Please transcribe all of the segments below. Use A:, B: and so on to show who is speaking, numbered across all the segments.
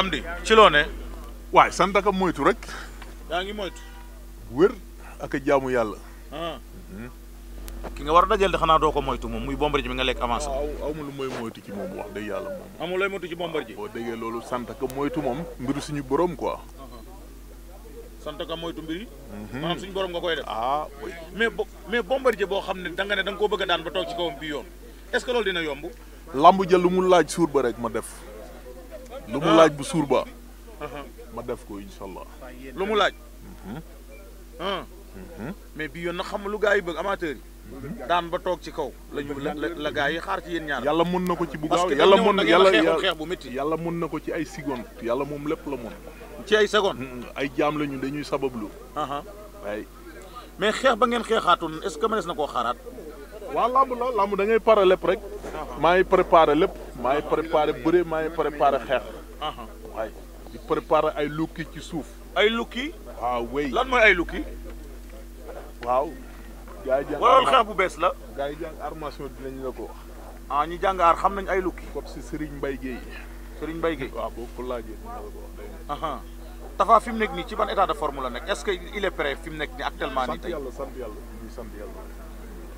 A: amdi ci lo ne way sant ak moytu rek yaa ngi moytu wér ak jaamu yàlla ah. mhm. ki nga war dajel xana do ko moytu mom muy bombardi ji mi nga lek avance aw ma lu moy moytu ci mom wax de yalla mom amu lay moytu ci bombardi bo dege lolou loolu sant ak moytu mom mbiru suñu borom quoi uh-huh. sant ak moytu mbiri manam mhm. suñu borom nga koy def ah mais mais bombardi bo xamne da nga ne da nga koo bëgg daan ba tok ci kawam bi yoon est ce que lolou dina yomb lambu ja lu mu laaj suur ba rek ma def
B: lu mu laaj bu suur ba
A: ma def ko incha allah. lu mu laaj. Mm-hmm. Mm-hmm. mais bi yoon na xam lu gars yi bëgg amateur yi. Mm-hmm. daan ba toog ci kaw. la ñu la la yi xaar ci yéen ñaar. yàlla mun na ko ci bu gaaw yàlla mun na xeex bu métti yàlla mun na ko ci ay seconde yàlla moom lépp la mun. ci ay seconde. ay jaam lañu dañuy sabablu. waaye. mais xeex ba ngeen xeexaatu est-ce que mënees na koo xaaraat. waaw lamb la lamb dangay ngay pare lépp rek. maa ngi préparé lépp. maa ngi préparé bëre maa ngi préparé xeex. Uh-huh. waaye di préparé ay lukki ci suuf. ay lukki. waaw wéy lan mooy ay lukki. waaw. gars yi xeex bu bees la. gars yi jàng armation dinañ la ko ah ñi jàng xam nañ ay lukki. comme si Serigne Mbaye Guèye. Serigne Mbaye Guèye waaw boo ko laajee dina la ko uh-huh. nekk nii ci ban état de forme nekk est-ce que il est prêt fi nekk nii actuellement. nii tey yàlla sant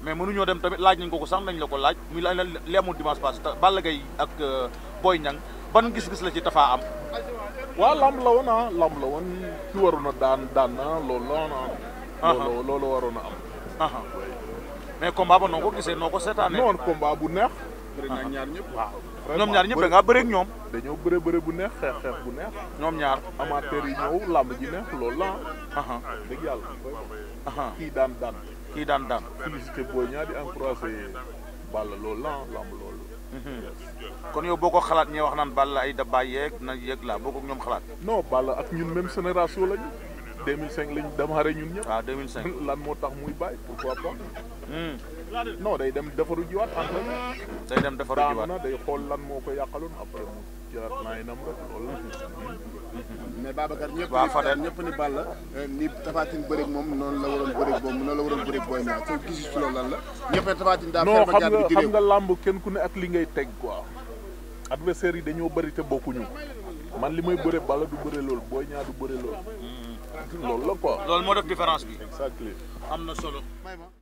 A: mais mënuñoo dem tamit laaj nañ ko ko sax nañ la ko laaj muy la li amul dimanche passé Balla Gaye ak euh, booy Niang ban gis-gis la ci Tapha am. waaw lamb la woon ah la woon ki waroon a daan daan na loolu la woon ah. a am. mais combat ba noo ko gisee noo ko seetaanee. non combat bu neex. bëri na ñaar ñëpp ñoom ñaar ñëpp da ngaa bëreeg ñoom. dañoo bëre bëre bu neex xeex xeex bu neex. ñoom ñaar amateur yi ñëw làmb ji neex loolu la ah. dëgg yàlla. kii daan daan. kii daan daan. félicité boo ñaar di encouragé Balla loolu la làmb loolu. Mhm. kon yow boo ko xalaat ñee wax naan Balla ay dabbaay yeeg na yeeg laa boo ko ñoom xalaat. non Balla ak ñun même génération lañu. 2005 lañ démarré ñun ñëpp. waaw ah, 2005 lan moo tax muy bàyyi pourquoi pas. Mhm. non day dem defaru jiwaat entraîné. day dem defaru day xool lan moo ko yàqaloon après mu jëlaat naa yi nam rek loolu mais Babacar ñëpp ni Fadel ñëpp ni Balla
B: euh, ni Tafatine bëreeg moom noonu la waroon bëreeg moom la waroon
A: bëreeg booy ñaar soo gis ci loolu lan la ñëpp ne Tafatine daa non xam nga xam nga làmb kenn ku ne ak li ngay teg quoi adversaires yi dañoo bëri te bokkuñu man li may bëre Balla du bëre loolu booy ñaar du bëre loolu mm. loolu la quoi loolu moo def différence bi exactement am na solo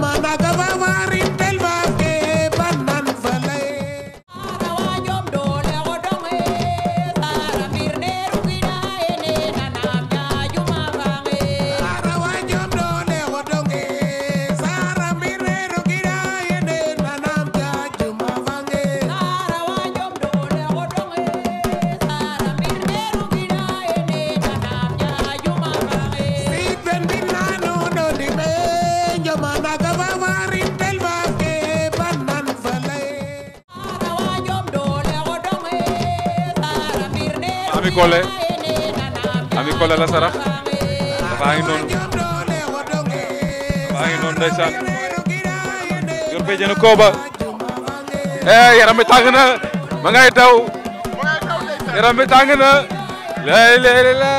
A: ¡Mamá! Collé Ami Collé la sarax baa ngi noonu baa ngi noonu ndeysaan yor béjjën kooba eh yaram bi tàng na ma ngay daw yaram bi tàng na lay lay la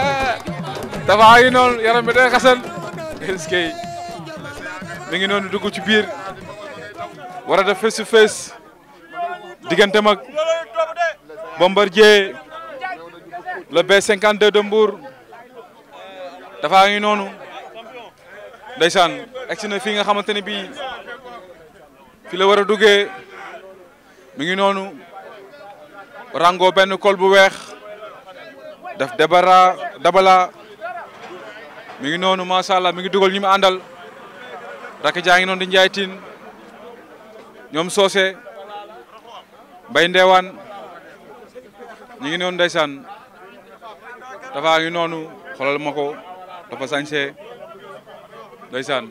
A: dafa ngi noonu yaram bi day xasan est-ce que dugg ci biir war a def face to face diggante mag le B52 de Mbour dafa ngi noonu ndeysaan egsi na nga xamanteni bi fi la wara duggé mi ngi nonu rango ben col bu wex daf debara dabala mi ngi ma sha allah mi ngi duggal ñu mu àndal rakk jaa ngi di ñom sosé bay ndewan ñi ngi non ndaysan dafa ngi noonu xoolal ma ko dafa sañse ndeysaan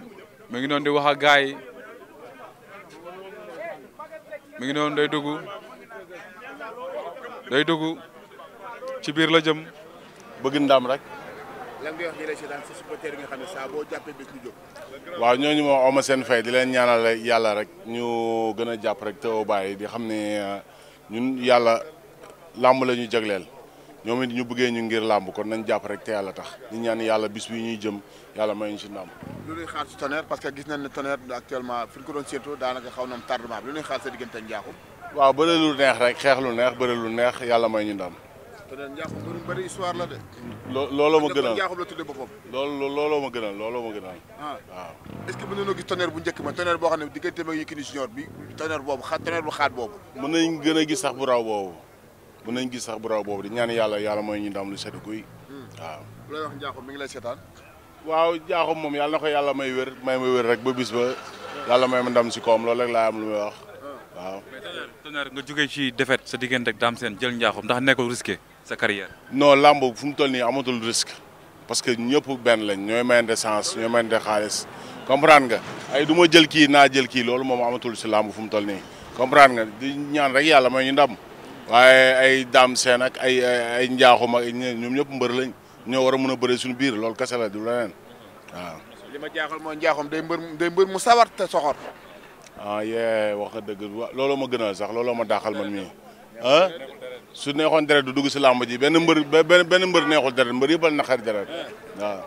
A: mi ngi noonu di wax ak gaay mi ngi noonu day dugg day dugg
B: ci biir la jëm bëgg ndam rek lan ngay waaw ñooñu moom awma seen fay di leen ñaanal yàlla rek ñu gën a jàpp rek te bàyyi di xam ne ñun yàlla làmb la ñu jagleel ñoom it ñu bëggee ñu ngir làmb kon nañ jàpp rek te yàlla tax ñu ñaan yàlla bis bi ñuy jëm yàlla may ñu si ndam. lu ñuy xaar si Tonnerre parce que gis nañ ne Tonnerre actuellement fi ñu na am xeex lu neex bëre lu neex yàlla may ñu ndam. Tonnerre Ndiakhoum bëri bëri loo looloo ma gënal Ndiakhoum la tuddee boppam. loolu looloo ma gënal looloo ma gënal. Ah. waaw est ce bu njëkk ma Tonnerre boo xam ne diggante ma Yékini Junior bi Tonnerre boobu xaat Tonnerre bu xaat boobu. mën nañ gën a gis sax bu raw boobu mën nañ gis sax bu raw boobu di ñaan yalla yalla moy ñu ndam lu sedd guy waaw lay wax njaaxum mi ngi lay sétan waaw njaaxum mom yalla nako yalla may wër may may wër rek ba bis ba yalla may ma ndam ci koom loolu rek la am lu may wax waaw
A: tonnerre nga jógee ci défaite sa diggante ak dam sen jël njaaxum ndax nekkul risqué sa carrière
B: non lamb fu mu tolni amatul risque parce que ñëpp ben lañ ñoy may ndé sens ñoy may ndé xaaliss comprendre nga ay duma jël ki na jël ki loolu mom amatul ci lamb fu mu tolni comprendre nga di ñaan rek yalla may ñu ndam waaye ay daam seen ak ay ay njaaxum ak ñoom ñëpp mbër lañ ñoo war a mën a bëre suñu biir loolu kese la du leneen waaw.
A: day mbër day mbër mu sawar te soxor.
B: ah yee wax nga dëgg looloo ma gën a sax looloo ma daaxal man mii ah su neexoon deret du dugg si làmb ji benn mbër benn mbër neexul deret mbër yëpp a naqari deret waaw.